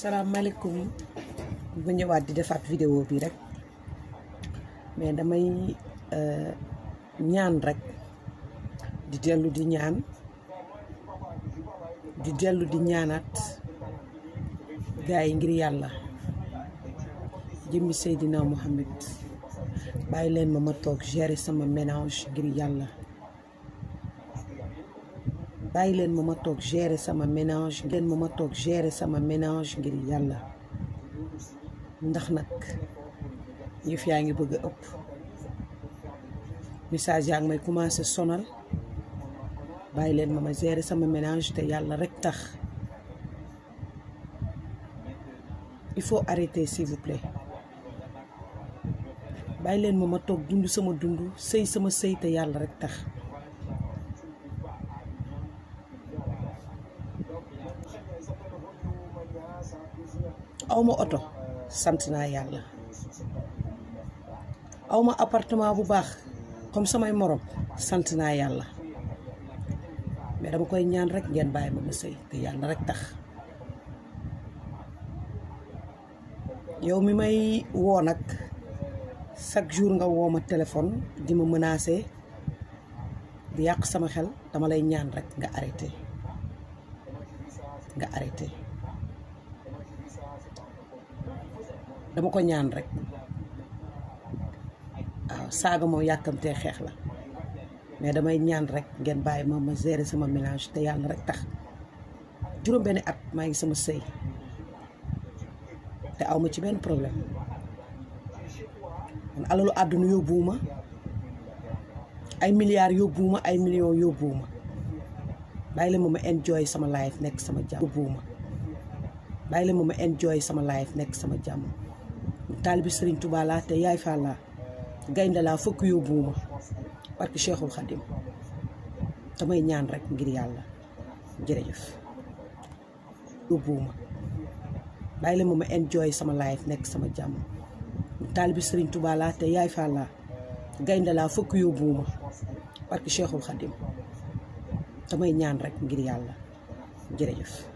salaamaaleykum bu ñëwaat di defaat vidéo bi rek mais damay euh, ñaan rekk di dellu di ñaan di dellu di ñaanaat gaa yi ngir yàlla jëmmi Seydina Mouhamed bàyyi leen ma ma toog gérer sama ménage ngir yàlla bàyyi leen ma ma toog gérer sama ménage leen ma ma toog gérer sama ménage ngir yàlla ndax nag yëf yaa ngi bëgg a ëpp message yaa ngi may commencé sonal bàyyi leen ma ma gérer sama ménage te yàlla rek tax il faut arrêter s'il vous plaît leen ma ma toog dund sama dund sëy sama sëy te yàlla rek tax awma oto sant naa yàlla awma appartement bu baax comme samay morom sant naa yàlla mais dama koy ñaan rek ngeen bàyyi ma ma sëy te yàlla rek tax yow mi may woo nag chaque jour nga woo ma téléphone di ma mënaase di yàq sama xel dama lay ñaan rek nga arrêté nga arrêté dama ko ñaan rek waaw saaga moom yàkkamtee xeex la mais damay ñaan rek ngeen bàyyi ma ma gérer sama ménage te yàlla rek tax juróom benn at maa ngi sama sëy te aw ma ci benn problème man alalu àdduna yóbbuwuma ay milliards yóbbuwuma ay millions yóbbuwuma bàyyi la ma ma enjoy sama life nekk sama jàmm yóbbuwuma bàyyi la ma ma enjoy sama life nekk sama jàmm taalibi Serigne Touba laa te yaay Fall gaynde laa fukk yóbbuwuma barki Cheikhul Khadim ñaan rek ngir yàlla jërëjëf yóbbuwuma bàyyi la ma ma nekk sama jàmm taalibi Serigne Touba laa te yaay gaynde laa fukk yóbbuwuma barki Cheikhul Khadim damay ñaan rek ngir yàlla jërëjëf